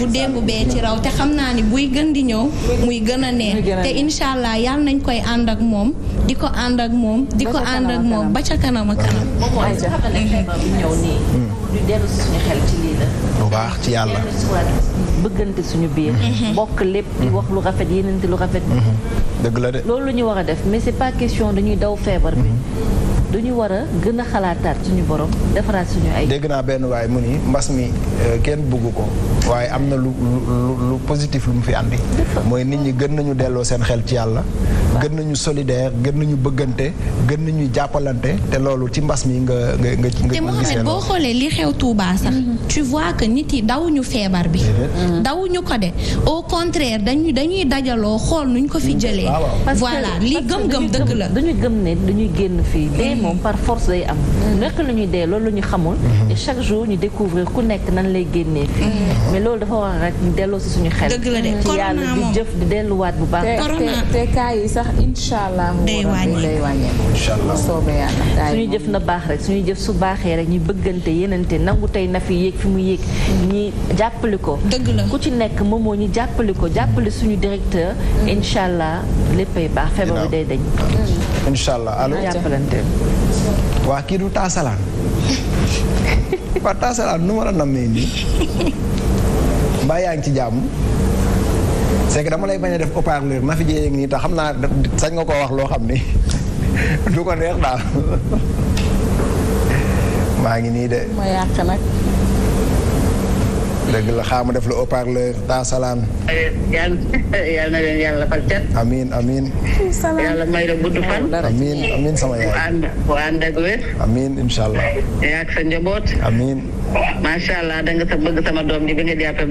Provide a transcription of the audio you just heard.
bu démb bee ci raw te xam naa ni buy gën di ñëw muy gën a neex te incha allah yàlla nañ koy ànd ak moom di ko ànd ak moom di ko ànd moom ba ca kanam a kanam hmm. ñu dellu ci bu baax ci yàlla. bëggante suñu biir. Hmm. bokk lépp di hmm. wax lu rafet yenente lu rafet. dëgg la loolu la ñu war a def mais c'est pas question dañuy daw feebar bi. dañu war a gën a xalaataat suñu borom defaraat suñu ay. dégg naa benn waaye mu ni mbas mi euh, kenn bugg ko waaye am na lu lu lu positif lu mu fi andi. mooy nit ñi gën nañu delloo seen xel ci yàlla. gën nañu solidaire gën nañu bëggante gën nañu jàppalante te loolu ci mbas mi nga nga nga nga te Mouhamed boo xoolee li xew Touba sax mm-hmm. tu vois que nit yi ñu feebar bi mm-hmm. dawuñu ko de au contraire dañuy dañuy dajaloo xool nuñ ko fi jëlee voilà li gëm-gëm dëgg la dañu gëm ne dañuy génn fii dee mm-hmm. moom par force day am nekk la ñuy dee loolu la ñu xamul chaque jour ñu découvrir ku nekk nan lay génnee fii mais loolu dafa war rek ñu delloo si suñu xel ci yàlla di di delluwaat bu baax sax allah. day wàññeeku day wàññeeku. incha na baax rek suñu jëf su baaxee rek ñu bëggante yenente nangu tey na fi yéeg fi mm. ñi jàppale ko. dëgg ku ci nekk moom moo ñu jàppale jàppale suñu directeur. Mm. incha allah léppay baax feebar bi day dañ. incha allah allo jàppalante. waa kii du taasalaan. taasalaan nu ma la nii. mbaa ci jàmm. c'est que dama lay bañ a def haut-parleur na fi jiyee nii tax xam naa sañ nga koo wax loo xam ni du ko neex daal maa ngi nii de. ma yàq nag. dëgg la xaama def la haut-parleur daa salaan. yàlla na leen yàlla fal cat. amiin may la gudd fan. amiin amiin sama yaay. bu njaboot. amiin. macha allah da nga sama doom ji bi nga jàppee